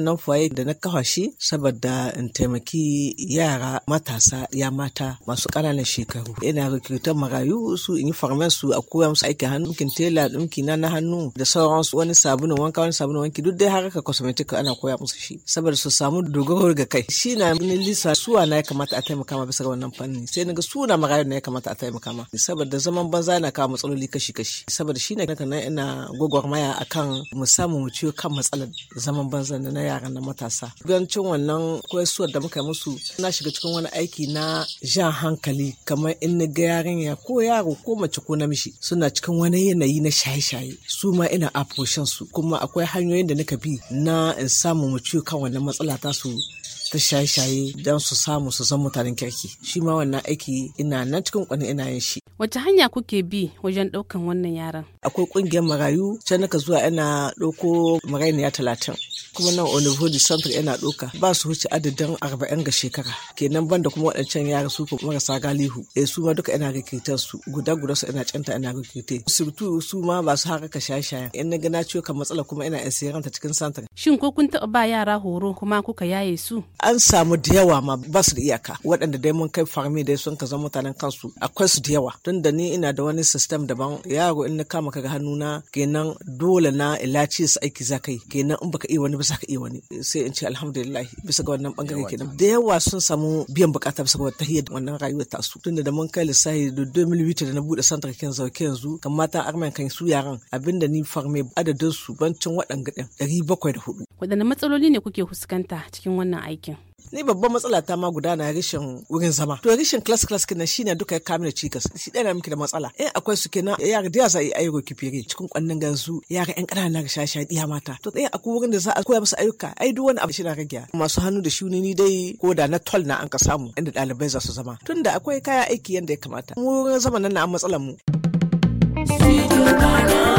wannan faye da na kafa shi saboda in taimaki yara matasa ya mata masu ƙananan shekaru ina rikirtar marayu su in yi farmen su a koya musu aikin hannu ɗinkin tela ɗinkin na hannu da sauransu wani sabunin wanka wani sabunin wanki duk dai harkar cosmetic ana koya musu shi saboda su samu dogaro ga kai shi na ni lisa suwa na ya kamata a taimaka ma bisa wannan fanni sai na ga na marayu na ya kamata a taimaka ma saboda zaman banza na kawo matsaloli kashi kashi saboda shi ne ina gwagwarmaya akan mu samu mu ciwo kan matsalar zaman banza na yaran na matasa gancin wannan koyarwar da muka musu na shiga cikin wani aiki na jan hankali kamar in na ga ya ko yaro ko mace ko namiji suna cikin wani yanayi na shaye-shaye su ma ina afoshin su kuma akwai hanyoyin da nika bi na in samu mu kan wannan matsala ta su ta shaye-shaye don su samu su zama mutanen kirki shi ma wannan aiki ina na cikin kwani ina yin shi wace hanya kuke bi wajen ɗaukan wannan yaran akwai kungiyar marayu can naka zuwa ina ɗauko marayu talatin kuma nan au niveau du yana doka. ba su wuce adadin arba'in ga shekara kenan banda kuma waɗancan yara su ko marasa galihu eh su ma duka ina rikitar su guda guda su ina canta ina rikite surtu su ma ba su haraka shaye-shayen in na ga na ciwo kan matsala kuma ina in ta cikin santar. shin ko kun taɓa ba yara horo kuma kuka yaye su. an samu da yawa ma ba su da iyaka waɗanda dai mun kai farmi dai sun ka zama mutanen kansu akwai su da yawa tun da ni ina da wani system daban yaro in na kama kaga hannuna kenan dole na ilaci su aiki za kenan in baka iya wani ba za ka iya wani sai in ce alhamdulillah bisa ga wannan bangare kenan da yawa sun samu biyan bukata bisa ga tahiyar wannan rayuwar tasu tunda da mun kai lissahi da 2008 da na bude santar kin zauke yanzu kan mata armen kan su yaran abinda ni farme adadin su bancin bakwai da 704 waɗanne matsaloli ne kuke fuskanta cikin wannan aikin ni babban matsala ta ma guda na rishin wurin zama to rashin class class kina shine duka ya kawo cikas shi ɗaya na miki da matsala in akwai su kina yara ga za a yi ayyuka kifiri cikin kwannin gansu yara yan ƙananan shasha diya mata to eh akwai wurin da za a koya musu ayyuka ai duk wani abu shi na rage masu hannu da shuni ni dai ko da na tol na an ka samu inda ɗalibai za su zama tunda akwai kaya aiki yanda ya kamata mu wurin zama nan na matsalar mu. Studio